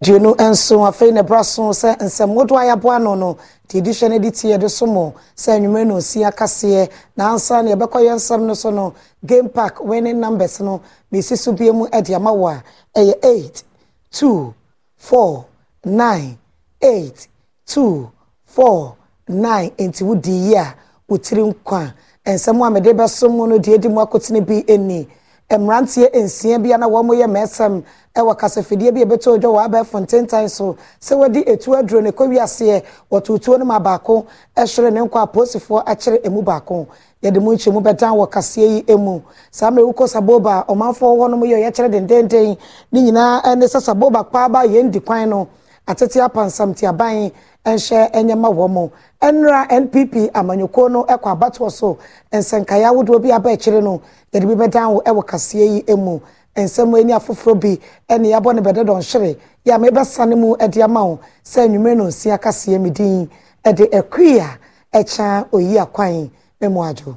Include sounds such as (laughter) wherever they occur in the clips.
duonu nso afei na ɛbra so sɛ nsɛm wodoɔ a yɛaboa no no deɛ ɛdi hwɛ no de tie de so mɔ sɛ anwummerɛ na ɔsi akaseɛ na ansa na yɛbɛkɔ yɛ nsɛm no so no game park winning numbers no mesi so bia mu de ama wo a ɛyɛ 8 2 4 9 8 2 4 9 nti wodi yi a wotiri nkwa nsɛm a mede bɛso mu no deɛ ɛdi mu akotene bi ni mmeranteɛ nsia bi a na wɔn yɛ mɛsɛm ɛwɔ kasafidie bi a ebɛtɔ odwa wɔ abɛɛfo ntentan so sɛ wɔde etu aduro ne kɔwi aseɛ wɔto tuo no ma baako ɛsoro ne nkɔ apolisifoɔ akyerɛ emu baako yɛde mu nkyɛn mu bɛdan wɔ kaseɛ yi emu saa mmerɛ wukɔ saboba ɔmanfoɔ hɔ yɛ ɔyɛkyerɛ dendenden ne nyinaa ɛne sɛ saboba paaba yɛn di kwan no atete apansamtiaban nhyɛ nneɛma wɔ mu nnura npp amanyɔkuo no kɔ abatoɔ so nsɛnkaeɛ ahodoɔ bi abɛɛkyerɛ no yɛde bi bɛdan wɔ kaseɛ yi emu nsɛm ani afoforɔ bi ɛne yɛabɔ ne bɛdɛ dɔnhwere yɛ a mebɛsane mu ɛde ama wo sɛ nnwumere no nsia kaseɛ me din ɛde akuia ɛkyɛn oyi akwan mɛmo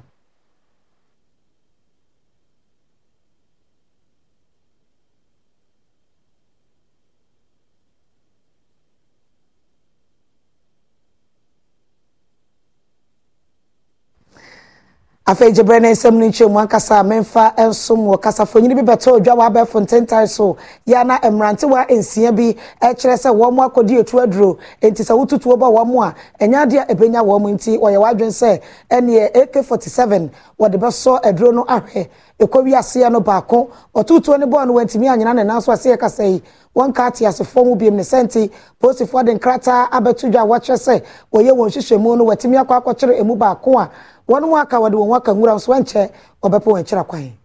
afei gyebrɛ ne nsɛm no nkyɛn mu ankasa memfa nsom wɔ kasafonyini bi bɛtɔ odwa wɔ abɛɛfo ntentan so yɛa na mmerantewa nsia bi kyerɛ sɛ wɔn mo akɔdi etu aduro nti sɛ wotutuo bɔ wɔn mo a ɛnya adeɛ ɛbɛnya wɔn mo nti wɔyɛ wadwin sɛ ɛneɛ ak47 wɔde bɛsɔ aduro no ahwɛ ekowi aseɛ no baako ɔtutuo ne bɔɔl no wɔntumi anyina ne nan so aseɛ kasa yi wɔn ka ate asefoɔ mu biem ne sɛnti polisifoɔ de nkrataa abɛto dwa wɔkyerɛ sɛ wɔyɛ wɔn nhyehyɛmu no wɔtumi akɔ akɔkyerɛ emu baako a wɔn waka wɔde wɔn waka nwura nso wɔnkyɛ ɔbɛpɛ wɔn akyira kwan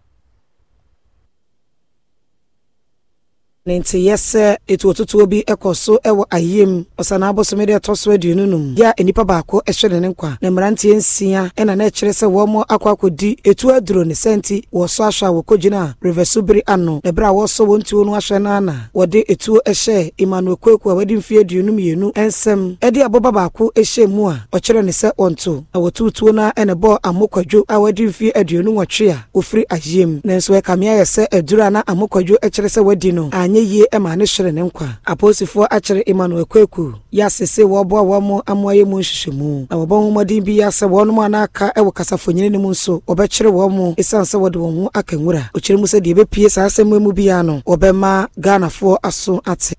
ne nti yɛ sɛ etu otutuo bi kɔ so wɔ ayiem ɔsana abosom de ɛtɔ so aduonu no mu yɛ a nipa baako hyɛ ne ne nkwa na mmeranteɛ nsia na na ɛkyerɛ sɛ wɔn akɔ akɔdi etu aduro ne sɛnti wɔsɔ ahwɛ a wɔkɔgyina reverso bere ano na ɛberɛ a wɔsɔ wɔn tuo no ahwɛ no ana wɔde etuo hyɛ emmanuel kwaku a wɔadi mfeɛ aduonu mmienu nsɛm de aboba baako hyɛ mu a ɔkyerɛ ne sɛ ɔnto na wɔtutuo no a na ɛbɔɔ amokwadwo a wɔadi mfeɛ aduonu nwɔtwe a ofiri ayiem nanso na amokwadwo kyerɛ anyɛ yie ɛma ne hyere ne nkwa apolisifoɔ akyere emmanuel kwaku yɛasese wɔboa wɔn mo amoayɛ mu nhyehyɛmu na wɔbɔ ho mmɔden bi yɛ sɛ wɔn a n'aka ɛwɔ e kasafonyini no mu nso wɔbɛkyere wɔn mo esiane sɛ wɔde wɔn ho aka nwura okyerɛ mu sɛ deɛ ɛbɛpie saa asɛm mu biara no wɔbɛma ghanafoɔ aso ate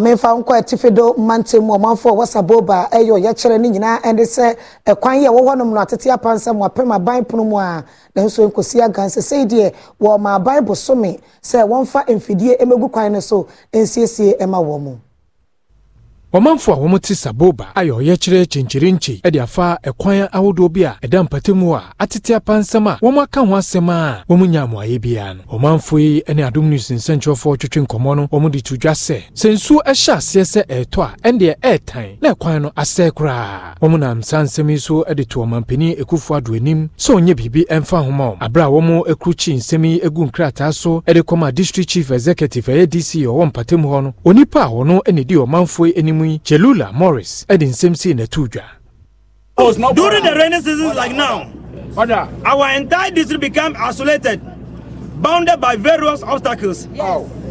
mamefa nkɔ atifi do mmantam mu ɔmanfo wɔsa boba ɛyɛ ɔyɛkyerɛ ne nyinaa ɛde sɛ ɛkwan yɛ wɔwɔ nom no atete apansa mu apem aban pono mu a nanso nkosi agansa sei deɛ wɔn ma aban bosome sɛ wɔmfa mfidie mmegu kwan no so nsiesie ɛma wɔn mu ɔmanfo a wɔn te saboba ayɛ ɔyɛkyerɛ kyenkyerinkye ɛde afa ɛkwan ahodoɔ bi a ɛda mpatamu a atete apansɛm a wɔn aka ho asɛm a wɔn nya amoayɛ biara no ɔmanfo yi ne adom news nsɛnkyerɛfoɔ twetwe nkɔmmɔ no wɔn de to sɛ sɛ nsuo ɛhyɛ aseɛ sɛ ɛretɔ a ɛndeɛ ɛretan na ɛkwan no asɛe koraa wɔn nam saa nsɛm yi so de to ɔmampanin ekufu ado anim sɛ ɔnyɛ biribi ɛmfa ahoma wɔn abere a wɔn akurukyi nsɛm yi egu nkrataa so de kɔma district chief executive ɛyɛ dc ɔwɔ mpatamu hɔ no onipa a wɔn ne di ɔmanfo yi anim mu yi morris nsɛm na dwa during the rainy season like now our entire district become isolated bounded by various obstacles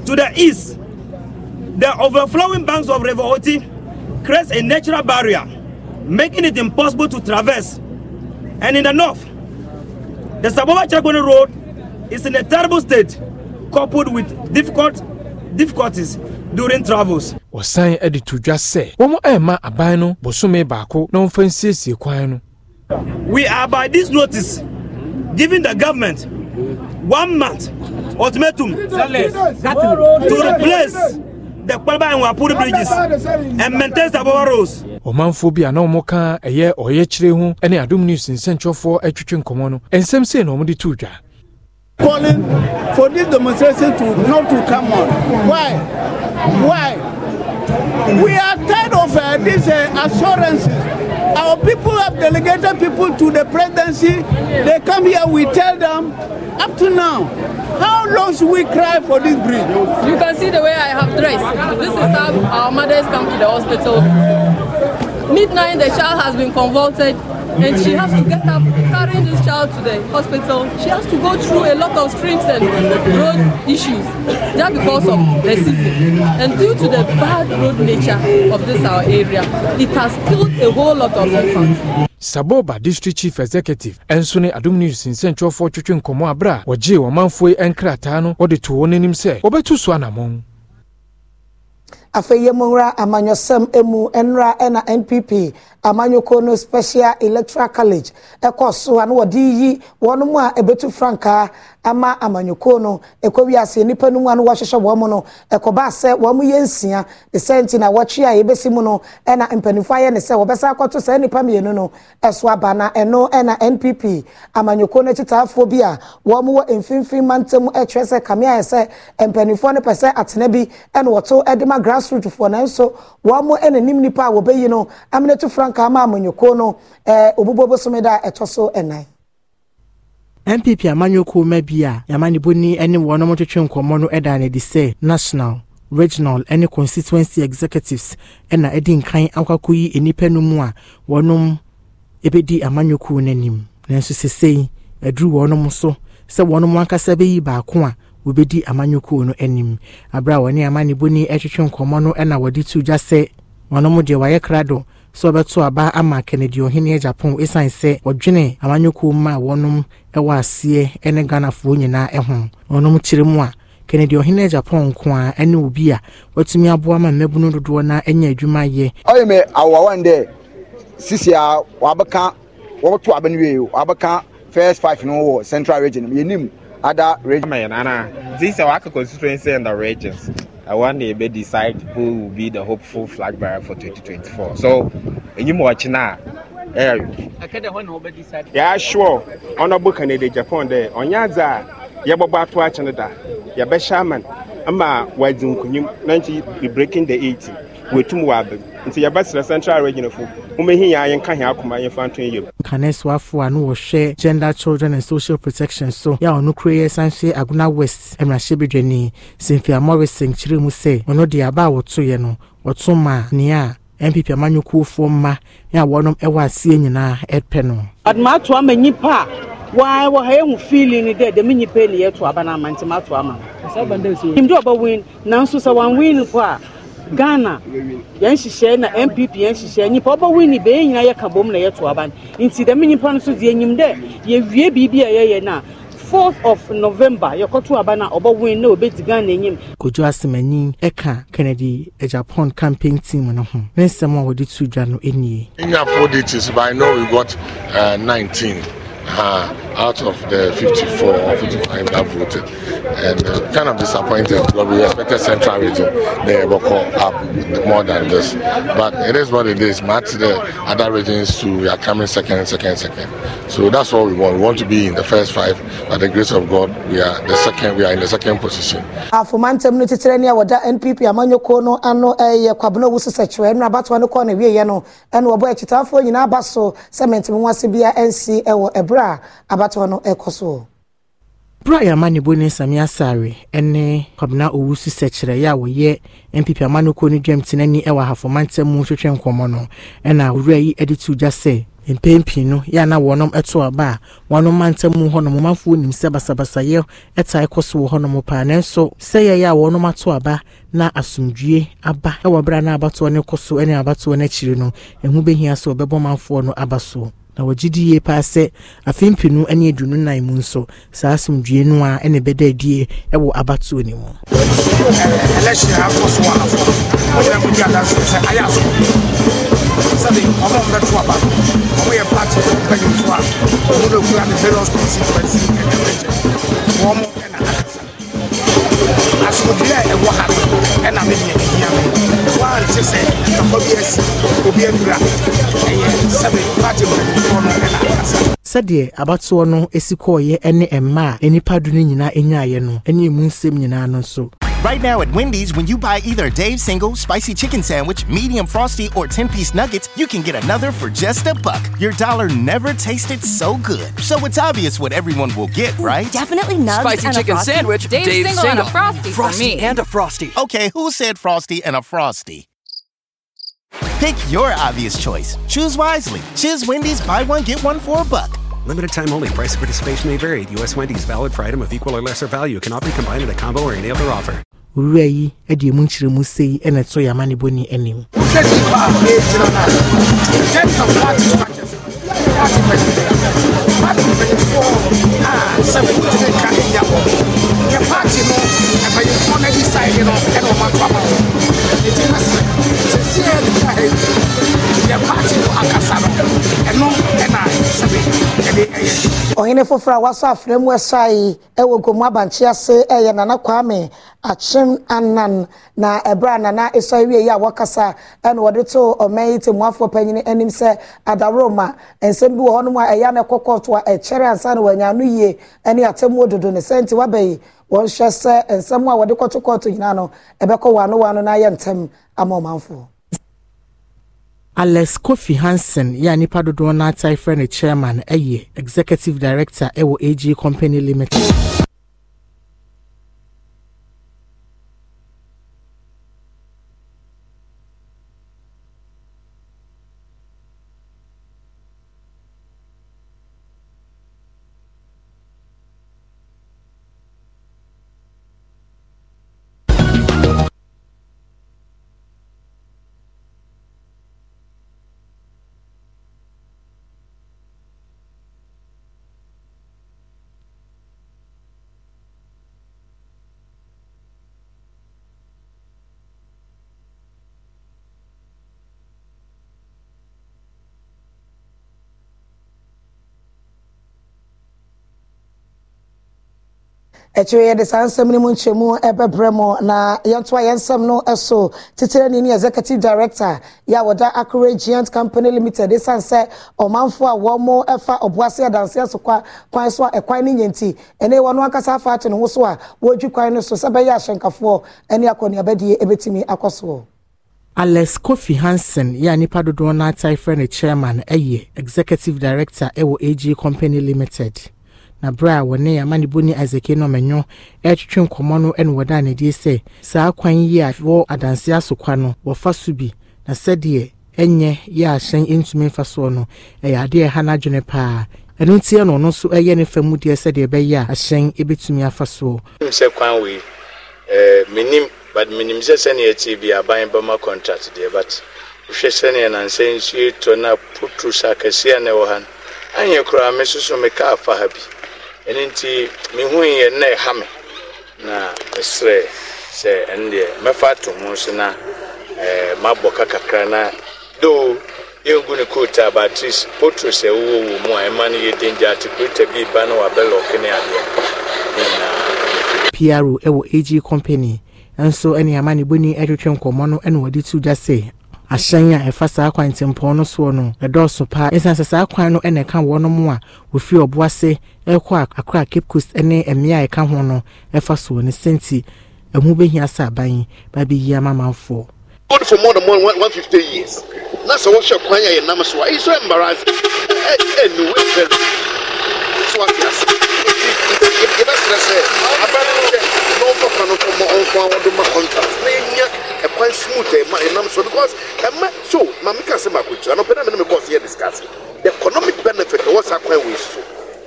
to the east the overflowing banks of river oti create a natural barrier making it impossible to traverse and in the north the Saboba chagoni road is in a terrible state coupled with difficult difficulties during travels wɔsan de to dwa sɛ wɔn ɛrema aban no bosome baako na wɔmfa nsiesie kwan no. we are by this notice giving the government one month ultimatum to replace the Kwalaba and Wapuru bridges and maintain Sabawa roads. ɔmanfoɔ bi a na wɔn ka ɛyɛ ɔyɛkyerɛ ho ne adom news nsɛntwerɛfoɔ atwitwe nkɔmmɔ no nsɛm sei na wɔde to dwa calling for this demonstration to not to come on why why We are tired of uh, these uh, assurances. Our people have delegated people to the presidency. They come here, we tell them, up to now, how long should we cry for this bridge? You can see the way I have dressed. This is how our mothers come to the hospital. Midnight, the child has been convulsed and she has to get up carrying this child to the hospital. She has to go through a lot of streams and road issues just because of the season. And due to the bad road nature of this our area, it has killed a whole lot of infants. saboba district chief executive nso ne adom news nsɛntwerɛfoɔ twetwe nkɔmmɔ aberɛ a wɔgyee wɔmanfoɔ yi nkrataa no wɔde too wɔn anim sɛ wɔbɛto so anammɔn afei yɛ mu nwura amanyɔsɛm mu nwura ɛna npp amanyɔkuo no special electoral college ɛkɔ so a no wɔde yi wɔn mu a ɛbɛtu frankaa ama amanyɔkuo no ɛkɔ wi ase nipa no mu a no wɔhyehyɛ wɔn no ɛkɔba sɛ wɔn mu yɛ nsia esɛnti na wɔtwe a yɛbɛsi mu no ɛna mpanimfoɔ ayɛ ne sɛ wɔbɛsa akɔto saa nipa mmienu no ɛso aba na ɛno ɛna npp amanyɔkuo no akyitaafoɔ bi a wɔn mu wɔ mfimfin mantam ɛkyerɛ sɛ kamea yɛ sɛ mpanimfoɔ no pɛ sɛ atena bi ɛna wɔto ɛde grass asrotfoɔ nanso wɔmo nanim nnipa a wɔbɛyi no aminatu frankaa ama amanyɔkuo no ɔbobɔ bosome da a ɛtɔ so ɛnan mpp amanyɔkuo ma bi a yɛamanneboni ne wɔnom twetwe nkɔmmɔ no ɛda ne de sɛ national regional ne constituency executives na ɛdi nkan akwakɔ yi nnipa no mu a wɔnom ebedi amanyɔkuo no anim nanso sesei aduru wɔnom so sɛ wɔnom ankasa bɛyi baako a wɔbɛdi amanyɔkuo no anim abere a wɔne amannebɔni ɛtwetwe nkɔmmɔ no ɛna wɔde tu gya sɛ wɔnom deɛ wɔayɛ krado sɛ wɔbɛto aba ama kennedy ɔhene japan ɛsiane sɛ wɔdwene amanyɔkuo ma wɔnom ɛwɔ aseɛ ne ghanafoɔ nyinaa ɛho wɔnom kyerɛ mu a kennedy ɔhene japan nko a ɛne obi a watumi aboa ma mmabunu dodoɔ no anya adwuma yɛ ɔyɛ me awoawan dɛ sisi a wɔabɛka wɔbɛto aba no wie wɔabɛka first five no wɔ central region yɛnim other regiment and these are our constituency and the regions I want day they decide who will be the hopeful flag bearer for 2024 so you watching now yeah. yeah sure honorable candidate japan there on yaza yababa to watch canada yabɛ shaman ama wadzi nkunim na nti be breaking the 80 wetum wɔ abɛm nti yɛbɛsrɛ central region fo womɛhi yɛ a yɛnka he akoma yɛmfa nto yɛm nkanesoafoɔ a no wɔhwɛ gender children and social protection so yɛ a ɔno kuro yɛ san hwɛ agona west mmarahyɛbadwani sɛmfia morrison kyerɛ mu sɛ ɔno de aba a wɔtoeɛ no wɔto ma nea a npp amanyɔkuofoɔ mma ne a wɔnom ɛwɔ aseɛ nyinaa ɛpɛ no ademato ama nnipa a waa wɔ ha yɛhu feeling ni dɛ dɛm nnipa ni yɛto aba no ama nti mato ama no nim dɛ ɔbɛwin nanso sɛ wanwin po a ghana yɛn hyehyɛ na npp yɛn hyehyɛ nyimpa ɔbɛwi ni bɛyɛ nyinaa yɛ ka bom na yɛto aba no nti dɛm nyimpa no so deɛ nyim dɛ yɛwie biribi a yɛyɛ no a of november yɛkɔto aba no a ɔbɛwin na obɛdi ghana anim kodwo asɛmanyin ɛka kennedy eh, japan campaign team no ho ne nsɛm a wɔde to dwa no nie nyafoɔ de by now we got uh, 19 uh, out of the 54 or 55 that voted. And uh, kind of disappointed because we expected Central Region they will call up more than this. But it is what it is. Match the other regions to We are coming second, second, second. So that's what we want. We want to be in the first five. By the grace of God, we are the second. We are in the second position. for afomantam no titire ne a wɔda npp I'm going to amanyɔkuo no ano eh, yɛ kwabena wu sesɛkyerɛ no abatoa no kɔ ne wieɛ no ɛna wɔbɔ akyitaafoɔ nyinaa aba so sɛ mɛntemi ho ase bia nsi wɔ ɛberɛ e a aba abatoɔ no ɛkɔ so bra yɛ amanebo ne nsame asare ne kwabena owu so sɛkyerɛeɛ a wɔyɛ npp amanokuo no dwam tenani wɔ ahafoma ntam mu hwehwɛ nkɔmmɔ no ɛna awura yi de to gya sɛ mpɛn pii no yɛ ana wɔnom ɛto aba a wɔnom mantam mu hɔnom ɔmanfoɔ nim sɛ basabasayɛ ɛtae kɔ so wɔ hɔnom paa nanso sɛ yɛyɛ a wɔnom ato aba na asomdwie aba ɛwɔ berɛ a na abatoɔ no kɔ so ne abatoɔ no akyiri no ɛho bɛhia sɛ ɔbɛbɔ manfoɔ no aba so na wɔgye di yie paa sɛ afe mpenu ne aduonu nan mu nso saa asomdue no a ɛna ɛbɛda adie wɔ abatoɔ ne mu sɛde ɔma mbɛto aba ɔmo yɛ party mpanyimfoɔ a ɔmo de kura ne asomdwe a ɛwɔ ha no ɛna me deɛ ɛhia me woante sɛ afa bi asi obi adura ɛyɛ sɛbe party mpanimfoɔ no ɛna akasa sɛdeɛ abatoɔ no esi nyinaa no emu nsɛm nyinaa no nso Right now at Wendy's, when you buy either Dave's single, spicy chicken sandwich, medium frosty, or 10 piece nuggets, you can get another for just a buck. Your dollar never tasted so good. So it's obvious what everyone will get, right? Ooh, definitely Nuggets Spicy chicken sandwich, Dave's, Dave's single, single, and a frosty. Frosty for me. and a frosty. Okay, who said frosty and a frosty? Pick your obvious choice. Choose wisely. Choose Wendy's buy one, get one for a buck. Limited time only. Price of participation may vary. U.S. Wendy's valid for item of equal or lesser value. Cannot be combined with a combo or any other offer. owura yi mu nkyerɛmu sei ɛna ɛsɔ yɛ amanebɔ party mpanyinfoɔ a sɛ wotumi ka nya wɔ yɛ party no mpanyinfoɔ no adi no ɛna ɔma to ama wo ɛti na sɛ sɛsiɛ ne ka ha yi yɛ party no akasa no ɛno ɛna sɛ ɔhene foforɔ a wasɔ afrɛ mu ɛsae ɛwɔ nkomu abankye ase ɛyɛ nana kwame akyem anan na ɛberɛ a nana ɛsɔre wie yi a wɔkasa ɛna wɔde to ɔman yi temuafoɔ panyin anim sɛ ma nsɛm bi wɔ hɔ nom a ɛyɛ a ɛkyɛre ansa na wɔanya ano yie ɛne atemmuo dodo ne sɛ nti wabɛyi wɔnhwɛ sɛ nsɛm a wɔde nyinaa no ɛbɛkɔ na ayɛ ntɛm ama ɔmanfoɔ alex kofi hansen yɛ a nnipa dodoɔ no atae frɛ no chairman ɛyɛ executive director ɛwɔ ag company limited akyire yɛde saa nsɛm no mu nkyɛmu ɛbɛbrɛ mu na yɛntoa yɛn nsɛm no ɛso titire ne ne executive director yɛ a wɔda akora giant company limited ɛsiane sɛ ɔmanfoɔ a wɔn ɛfa ɔboase adanseɛ so kwa kwan so a ɛkwan no nyɛ nti ɛne wɔn ankasa afa ato ne ho so a wɔredwi kwan no so sɛ bɛyɛ ahyɛnkafoɔ ɛne akɔneabadie ɛbɛtumi akɔ soɔ alex kofi hansen yɛ a nipa dodoɔ no atae frɛ no chairman ɛyɛ executive director ɛwɔ ag company limited na bere a wɔne amaniboni isaac nɔmenyo ɛretwetwe nkɔmmɔ no ne wɔda anadie sɛ saa kwan yi a wɔ adanse asokwa no wɔfa so bi na sɛdeɛ ɛnyɛ yɛ ahyɛn ntumi mfa soɔ no ɛyɛ adeɛ ɛha n'adwene paa ɛno nti ɛna ɔno nso ɛyɛ ne fa mu deɛ sɛdeɛ ɛbɛyɛ a ahyɛn ɛbɛtumi afa soɔ sɛ kwan wei ɛɛ eh, menim but menim sɛ sɛneɛ ɛtie bi aban bɛma contract deɛ but wohwɛ sɛneɛ nansɛ nsuo tɔ no a potro sɛ na ɛwɔ ha no anyɛ koraa me soso meka afa ha bi ɛno nti mehuiɛ nnɛ ɛha me na mesrɛ sɛ ɛno deɛ mɛfa ato mu so na eh, mabɔ ka kakra na do yɛngu ne coat a batris potros a ɛwowɔ wɔ mu a ɛma no yɛ danger atekurita bi ba na wabɛlɔke ne adeɛ ne ɛwɔ ag company nso ne amane bɔni ɛtwetwe nkɔmmɔ no ɛna wɔde to gya sɛ ahyɛn a ɛfa saa kwan ntempɔn no soɔ no ɛdɔɔso paa ɛsiane sɛ saa kwan no ɛna ɛka wɔn mu a wofi ɔboase ɛrekɔ akora cape coast ne mmea a ɛka ho no ɛfa so ne senti ɛho bɛhia sɛ aban ba bɛyi ama amanfoɔ for more than one, one, 150 years. That's a worship kwan yɛ nam so a. It's so embarrassing. Anyway, very. So I guess. Yɛbɛsrɛ sɛ abrabɛ wɔmfa kra no fɔmmɔ ɔmfa wɔde ma contract na ɛnya ɛkwan e smooth a e ɛma ɛnam e so because ɛma so ma meka sɛ maakɔtua no pɛ na mene mebɔs yɛ discuss the economic benefit ɛwɔ saa kwan wei so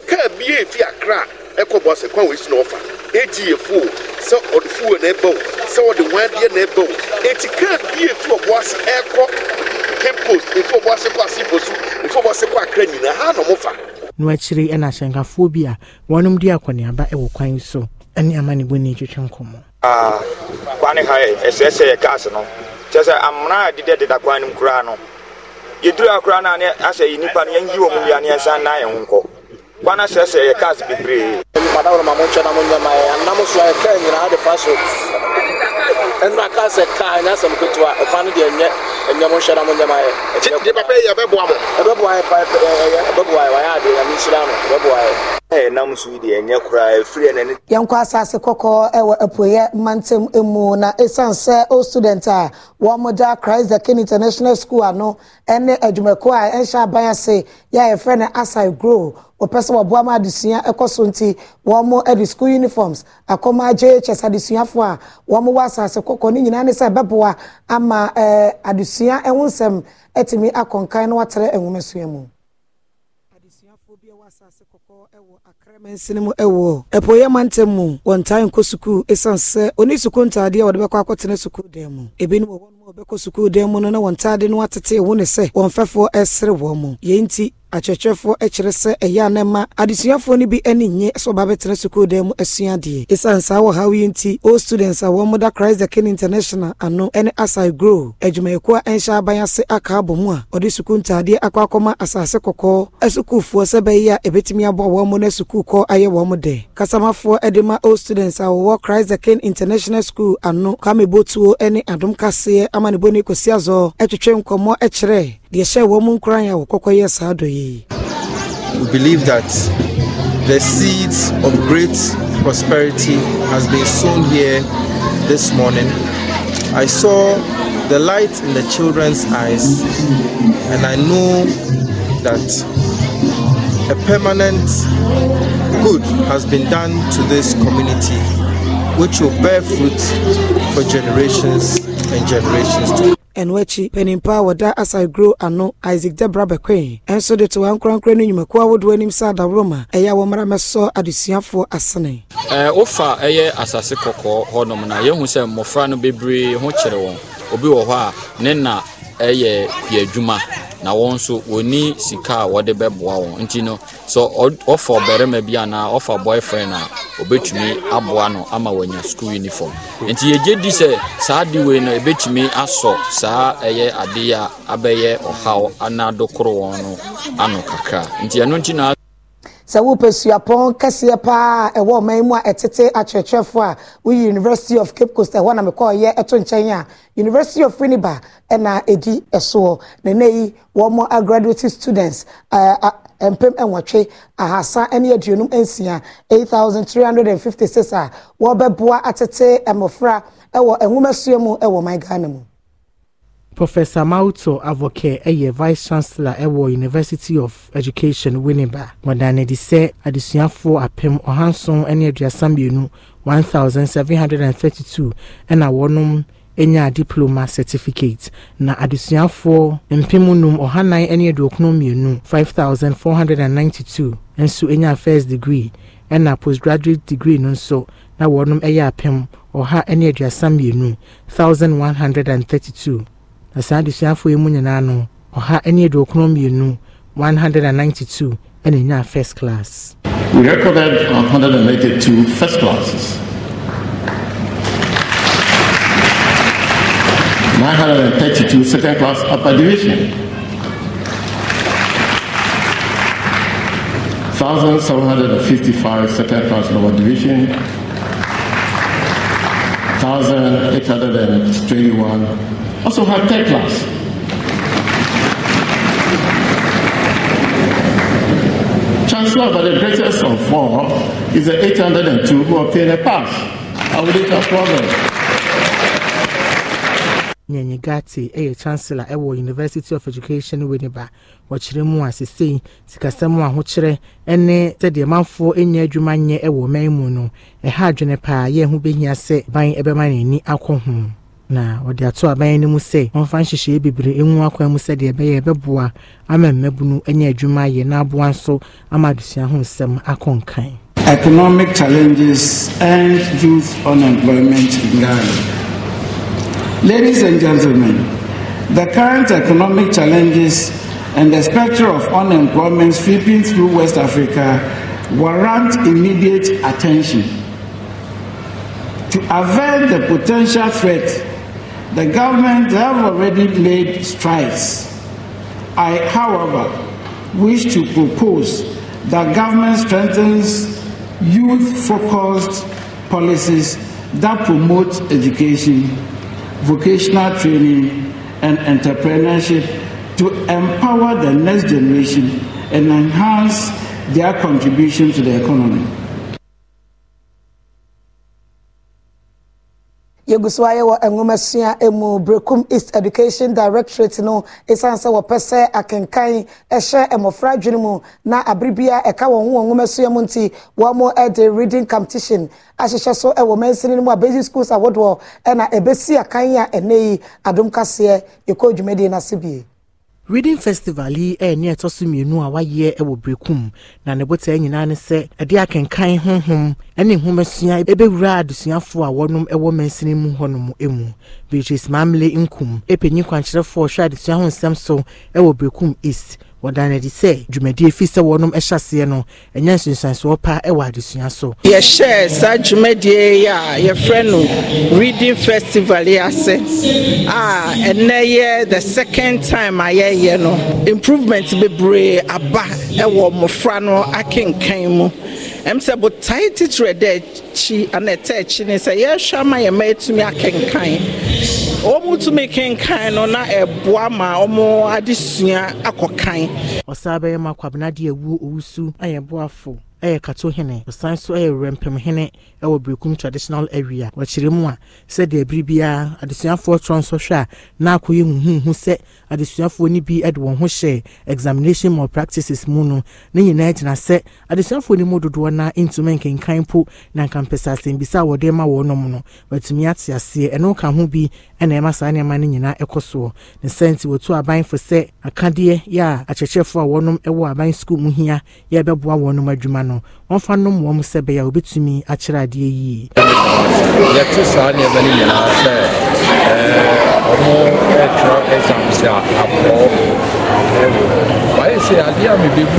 kaa bi yɛ ɛfi akra a ɛkɔ bɔ sɛ kwan wei so na ɔfa ɛgyi yɛ fuo sɛ ɔde fuo na ɛbɛ wo sɛ ɔde wadeɛ na ɛbɛ wo ɛti kaa bi yɛ fi ɔbɔ ase ɛkɔ hippos ɛfi ɔbɔ ase kɔ ase hippos ɛfi ɔbɔ ase kɔ akra nyinaa ha na ɔmo fa no akyiri ɛna ahyɛnkafoɔ bi a wɔnom de akɔneaba ɛwɔ kwan so ɛne amane bɔne twetwe nkɔmmɔ ah, kwane ha ɛsɛsɛ yɛ gas no kyɛ sɛ amena a dedɛdeda kwan no m koraa no yɛdura koraa no ane asɛ yɛ nnipa no yɛnyi wɔ mu wia ne yɛnsa nna yɛ ho nkɔ kwan asɛsɛ yɛ gas na yɛ anam so a ɛkaa nyinaa de fa so ɛnra kaa sɛ kaa ɛnyɛ asɛm ketewa ɛkwan no deɛ nyɛ ɛnyɛmu nhyɛda mu nyɛma yɛ. ti papa yi ɛbɛboa mo. ɛbɛboa yɛ paa ɛbɛboa yɛ wayɛ adi ɛmi nhyira no ɛbɛboa yɛ. yɛ yɛnkɔ asase kɔkɔɔ ɛwɔ eh, apueyɛ mmantam emu na esan sɛ o student a wɔn christ the king international school ano ɛne adwumakuo eh, a ɛnhyɛ eh, aban ase yɛ a yɛfrɛ no asai grow wɔpɛ sɛ wɔboa ma adesua ɛkɔ so nti wɔn ɛde school uniforms akɔma jhs adesuafoɔ a wɔn wɔ asase kɔkɔ ne nyinaa ne sɛ ɛbɛboa ama ɛɛ eh, adesua ɛho nsɛm ɛtumi akɔnkan na wɔatrɛ ɛnwoma sua mu. adesuafoɔ bi ɛwɔ asase kɔkɔ ɛwɔ akramansi no mu ɛwɔ ɛpoyɛ mantam mu wɔn ntaa nkɔ sukuu esan sɛ oni sukuu ntaadeɛ wɔde bɛkɔ akɔtena sukuu dan mu ebinom wɔ hɔ wɔbɛkɔ sukuu dan mu no na wɔn ntaade no atete wo ne sɛ wɔn mfɛfoɔ ɛsere wɔn mu yɛn nti akyerɛkyerɛfoɔ kyerɛ sɛ ɛyɛ a na ma adesuafoɔ no bi ani nye sɛ ɔba bɛtena sukuu dan mu asua adeɛ ɛsiane saa wɔ haw yi nti o students a wɔn da christ the king international ano ne asai grow adwumayɛkuo a ɛnhyɛ aban ase aka abɔ mu a ɔde sukuu ntaadeɛ akɔ akɔma asase kɔkɔɔ asukuufoɔ sɛ bɛyɛ a ɛbɛtumi abɔ wɔn mo na sukuu kɔ ayɛ wɔn mo dɛ kasamafoɔ de ma o students a wɔwɔ christ the king international school ano kwame botuo ne adom kaseɛ ama ne mu yi We believe that the seeds of great prosperity has been sown here this morning. I saw the light in the children's eyes, and I know that a permanent good has been done to this community, which will bear fruit for generations and generations to ɛnoakyi panimpa a wɔda asai ano isaac debra bɛkwen ɛnso de to wankorankora no nnwumakuo ahodoɔ anim sɛ adaworoma ɛyɛ a wɔmmara mɛsɔ adesuafoɔ asene wofa ɛyɛ asase kɔkɔɔ hɔnom na yɛhu sɛ mmɔfra no bebree ho kyere wɔn obi wɔ hɔ a ne na ɛyɛ yɛ adwuma na wɔn nso wɔni sika a wɔde bɛboa wɔn nti no sɛ ɔfa ɔbarima bi anaa ɔfa boyfriend a obetumi aboa no ama wanya school uniform nti yɛgye di sɛ saa de wei no ebetumi asɔ saa ɛyɛ adeɛ a abɛyɛ ɔhaw anadokoro wɔn no ano kakra nti ɛno nti na sɛ wopɛ suapɔn kɛseɛ paa ɛwɔ ɔman mu a ɛtete akyerɛkyerɛfoɔ a woyi university of cape coast ɛhɔ na mekɔɔyɛ ɛto nkyɛn a university of Winiba, ɛna ɛdi ɛsoɔ na nna yi wɔn agraduate students mpem nwɔtwe ahasa ne aduonum nsia eight thousand three hundred and fifty six a wɔbɛboa atete mmɔfra ɛwɔ nwoma sua mu ɛwɔ ɔman ghana mu professor mauto avoke ɛyɛ vice chancellor ɛwɔ university of education winneba wɔdane de sɛ adesuafoɔ apem ɔhanson ne aduasa mmienu 1732 ɛna wɔnom nya diploma certificate na adesuafoɔ mpem num ɔhanan ne aduokunu mmienu 5492 nso nya first degree ɛna postgraduate degree no nso na wɔnom ɛyɛ apem ɔha ne aduasa mmienu 1132 na saa adesuafo yi mu nyinaa no ɔha ne aduokron mmienu 192 na ɛnyaa first class We recorded 182 first classes, 932 second class upper division, 1,755 second class lower division, 1,821 also had Teklas. Chancellor of the greatest of all is the 802 who obtained a pass. I will later promise. nyanyigati ɛyɛ chancellor ɛwɔ university of education winneba wɔkyerɛ mu a sesei sikasɛm a ahokyerɛ ɛne sɛdeɛ manfoɔ ɛnya adwuma nyɛ ɛwɔ man mu no ɛha adwene paa yɛn ho bɛhia sɛ ban ɛbɛma n'ani akɔ ho na wɔde ato aban no mu sɛ wɔmfa nhyehyɛe bebree ɛmu akwan mu sɛdeɛ ɛbɛyɛ ɛbɛboa ama mmabunu anya adwuma ayɛ na aboa nso ama adesua ho nsɛm akɔ economic challenges and youth unemployment in Ghana. Ladies and gentlemen, the current economic challenges and the specter of unemployment sweeping through West Africa warrant immediate attention. To avert the potential threat The government have already made strides. I, however, wish to propose that government strengthens youth-focused policies that promote education, vocational training, and entrepreneurship to empower the next generation and enhance their contribution to the economy. yɛgu so ayɛ wɔ nwomasua mu brekum east education directorate no ɛsiane sɛ wɔpɛ sɛ akenkan ɛhyɛ mmɔfra adwene mu na abere bia ɛka wɔn ho wɔ nwomasua mu nti wɔn de reading competition ahyehyɛ so wɔ mansini no mu a basic schools awodoɔ ɛna ɛbɛsi akan a ɛnɛ yi adom kaseɛ dwumadie no ase bie reading festival yi ɛne eh, ɛtɔ so mmienu a wayɛ ɛwɔ eh, brekum na ne botae nyinaa ne sɛ ɛde akenkan honhom ɛne nhomasua ɛbɛwura adesuafoɔ a wɔnom ɛwɔ mansini mu hɔnom mu beatrice mamle nkum ɛpanyin kwankyerɛfoɔ hwɛ adesua ho nsɛm so ɛwɔ eh, brekum east wɔda no adi sɛ dwumadie fi sɛ wɔnom ɛhyɛ no ɛnyɛ nsunsuansoɔ pa ɛwɔ adesua so yɛhyɛ saa dwumadie yi a yɛfrɛ no reading festival yi ase a ɛnɛ yɛ the second time a yɛyɛ no improvement bebree aba ɛwɔ mmɔfra no akenkan mu ɛm sɛ botae titire dɛ akyi ana ɛtɛ akyi ne sɛ yɛhwɛ ama yɛma atumi akenkan wɔn tumi kenkan no na ɛboa ma wɔn adesua akɔ kan. ɔsan bɛyɛ mu akɔ abena de ewu owusu ayɛ boafo ɛyɛ kato hene ɔsan so ɛyɛ wrɛmpem hene ɛwɔ berekum traditional area wɔkyerɛ mu a sɛdeɛ bere biara adesuafoɔ trɔ nso hwɛ a na akɔyɛ huhuhu sɛ adesuafoɔ no bi ɛde wɔn ho hyɛ examination malpractices mu no ne nyinaa gyina sɛ adesuafoɔ no mu dodoɔ na ntumi nkenkan po na nkampɛsɛ asɛmbisa a wɔde ma wɔnom no wɔatumi ate aseɛ ɛno ka ho bi ɛna ɛma saa nneɛma no nyinaa ɛkɔ soɔ ne sɛ nti wɔtu abanfo sɛ akadeɛ yɛ a akyerɛkyerɛfoɔ a wɔnom ɛwɔ aban sukuu mu hia yɛ bɛboa wɔnom adwuma no no wɔmfa nom wɔn sɛ bɛyɛ a wobɛtumi akyerɛ adeɛ yie yɛte saa nneɛma no nyinaa sɛ ɔmo exams a apɔɔ wayɛ sɛ adeɛ a mebɛbu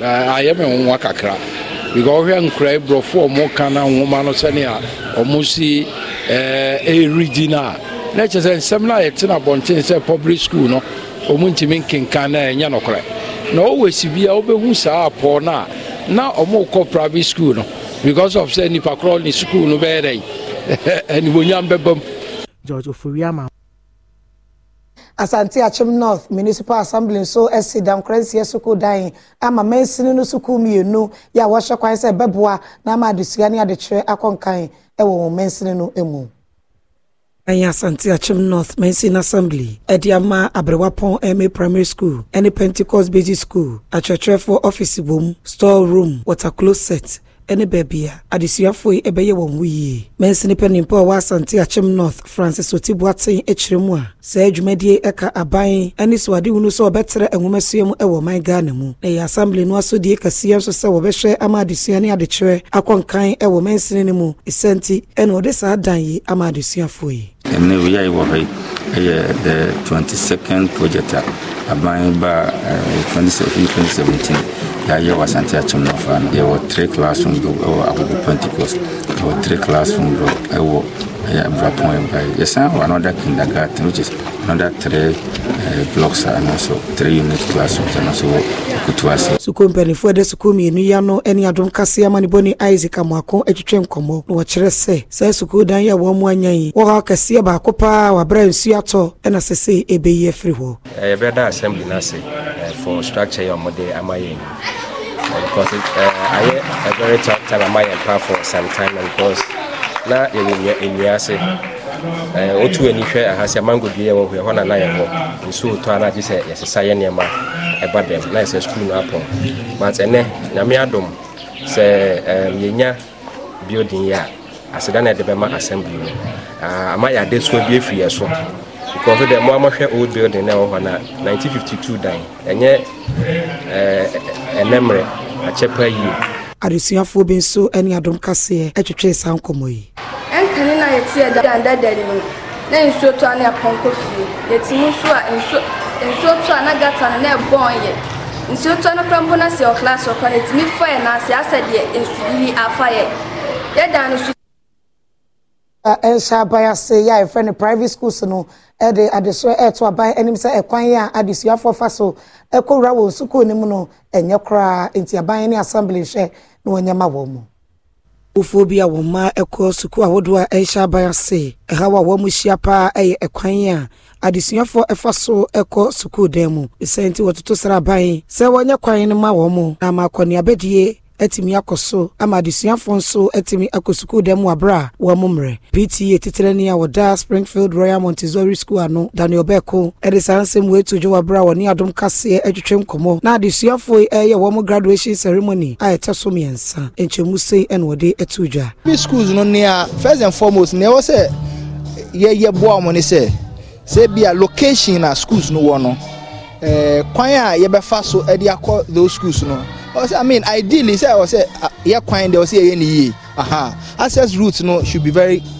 ayɛ me nwa kakra because ɔhwɛ nkura borɔfo ɔmo ka na nwoma no sɛnea ɔmo si ɛɛ ɛredi no a na kyerɛ sɛ nsɛm no a yɛte no abɔnten sɛ public school no ɔmo ntumi nkenkan na ɛnyɛ nokorɛ na ɔwɔ si bia wobɛhu saa apɔw no a na ɔmo kɔ private school no because of sɛ nipa korɔ ne school no bɛyɛ dɛn animonyam (laughs) bɛba george oforiama asante akyem north municipal assembly nso si dankransiɛ sukuu dan ama mansini no sukuu mmienu yɛ a wɔhyɛ kwan sɛ ɛbɛboa na ama adesua ne adekyerɛ akɔnkan wɔ wɔn mansini no mu ɛyɛ asante akyem north mansin assembly ɛde ama aberewapɔn ɛmɛ primary school ɛne pentecost Basic school akyerɛkyerɛfoɔ office wom store room water closet ɛne baabi a adesuafoɔ yi ɛbɛyɛ wɔn ho yie mɛnsi nipa nimpa a ɔwɔ asante akyem north francis otibuaten akyerɛ mu a saa adwumadie ɛka aban ɛne soadehu no sɛ ɔbɛtrɛ ɛnwomasua mu ɛwɔ ɔman ghana mu na ɛyɛ asambly no asodie kɛseɛ nso sɛ wɔbɛhwɛ ama adesua ne adekyerɛ akɔnkan ɛwɔ mɛnsini no mu ɛsɛ nti ɛna ɔde saa dan yi ama adesuafoɔ yi ɛne wia yi wɔ hɔ yi ɛyɛ the twenty second project a aban ba 2017 yɛayɛ wɔ asante akyɛm no ɔfaa no yɛwɔ three classroom block ɛwɔ agogo pentecost yɛwɔ three classroom block ɛwɔ ɛyɛ abrapɔn ɛbae yɛsan wɔ another kindergarten which is another three uh, blocks and also three unit classrooms and also kutuasi sukuu mpanimfoɔ ɛdɛ sukuu mmienu yi ano ne adom kase amanebɔne isaac amoako atwitwe nkɔmmɔ na wɔkyerɛ sɛ saa sukuu dan yi a wɔn mu anya yi wɔ hɔ akɛseɛ baako paa wɔabrɛ nsuo atɔ ɛna sese ɛbɛyi afiri hɔ yɛbɛda assembly no for structure yi a wɔde ama yɛn because ayɛ a very tough time ama yɛn pa for some time because na yɛwɔ nnua ase ɔtu eh, ani hwɛ aha sɛ mango dua wɔ hɔ na na yɛwɔ nsuo tɔ ana gye sɛ yɛsesa yɛ nneɛma ɛba dɛm na yɛsɛ sukuu no apɔn but ɛnɛ nyame adom sɛ eh, yɛnya building yɛ a aseda na yɛde bɛma assembly mu ah, ama yɛade soɔ bi afiri yɛ so because deɛ mo amahwɛ old building na ɛwɔ hɔ na 1952 dan ɛnyɛ eh, ɛnɛ mmerɛ akyɛ pa yie adesuafoɔ bi nso ne adom kaseɛ twetwee saa nkɔmmɔ yi yɛte ɛda dandada ne mu na nsuo tɔ a na ɛpɔnkɔ fie yɛte mu nso a nsuo nsuo tɔ a na gata no na ɛbɔn yɛ nsuo tɔ no koraa mpo na sɛ ɔklas ɔkɔ na ɛtumi fa yɛ na ase asɛ deɛ nsuyi afa yɛ yɛda no so. ɛnhyɛ aban ase yɛ a yɛfrɛ no private schools no ɛde adesoɛ ɛɛto aban anim sɛ ɛkwan yɛ a adesuafoɔ fa so ɛkɔwura wɔn sukuu no mu no ɛnyɛ koraa nti aban ne assembly hwɛ na wɔnyɛma wɔn mu awofoɔ bi a wɔn mma kɔ sukuu ahodoɔ a ɛhyɛ aban ase ɛhaw a wɔn hyia paa ɛyɛ ɛkwan a adesuafoɔ ɛfa so ɛkɔ sukuu dan mu esan ti wɔtoto sraban sɛ wɔnyɛ kwan no ma wɔn na ama akɔneabɛdie atumi akɔ so ama adesuafoɔ nso atumi akɔ sukuu dɛm wɔ abere a wɔn mmerɛ pta titire ni a wɔda springfield royal montessori school ano daniel Beko, ɛde saa nsɛm wɔ etu dwo wɔ abere a wɔne adom kaseɛ atwitwe nkɔmɔ na adesuafoɔ yi ɛyɛ wɔn graduation ceremony a ɛtɛ so mmiɛnsa nkyɛnmu sei ɛna wɔde ɛtu dwa. bi schools no nea first and foremost nea ɛwɔ sɛ yɛyɛ boa wɔn ne sɛ sɛ bia location na schools no wɔ no. Eh, kwan a yɛbɛfa so de akɔ those schools no ɔsɛ i mean ideally sɛ ɔsɛ yɛ kwan deɛ ɔsɛ yɛyɛ ne yie aha access route no should be very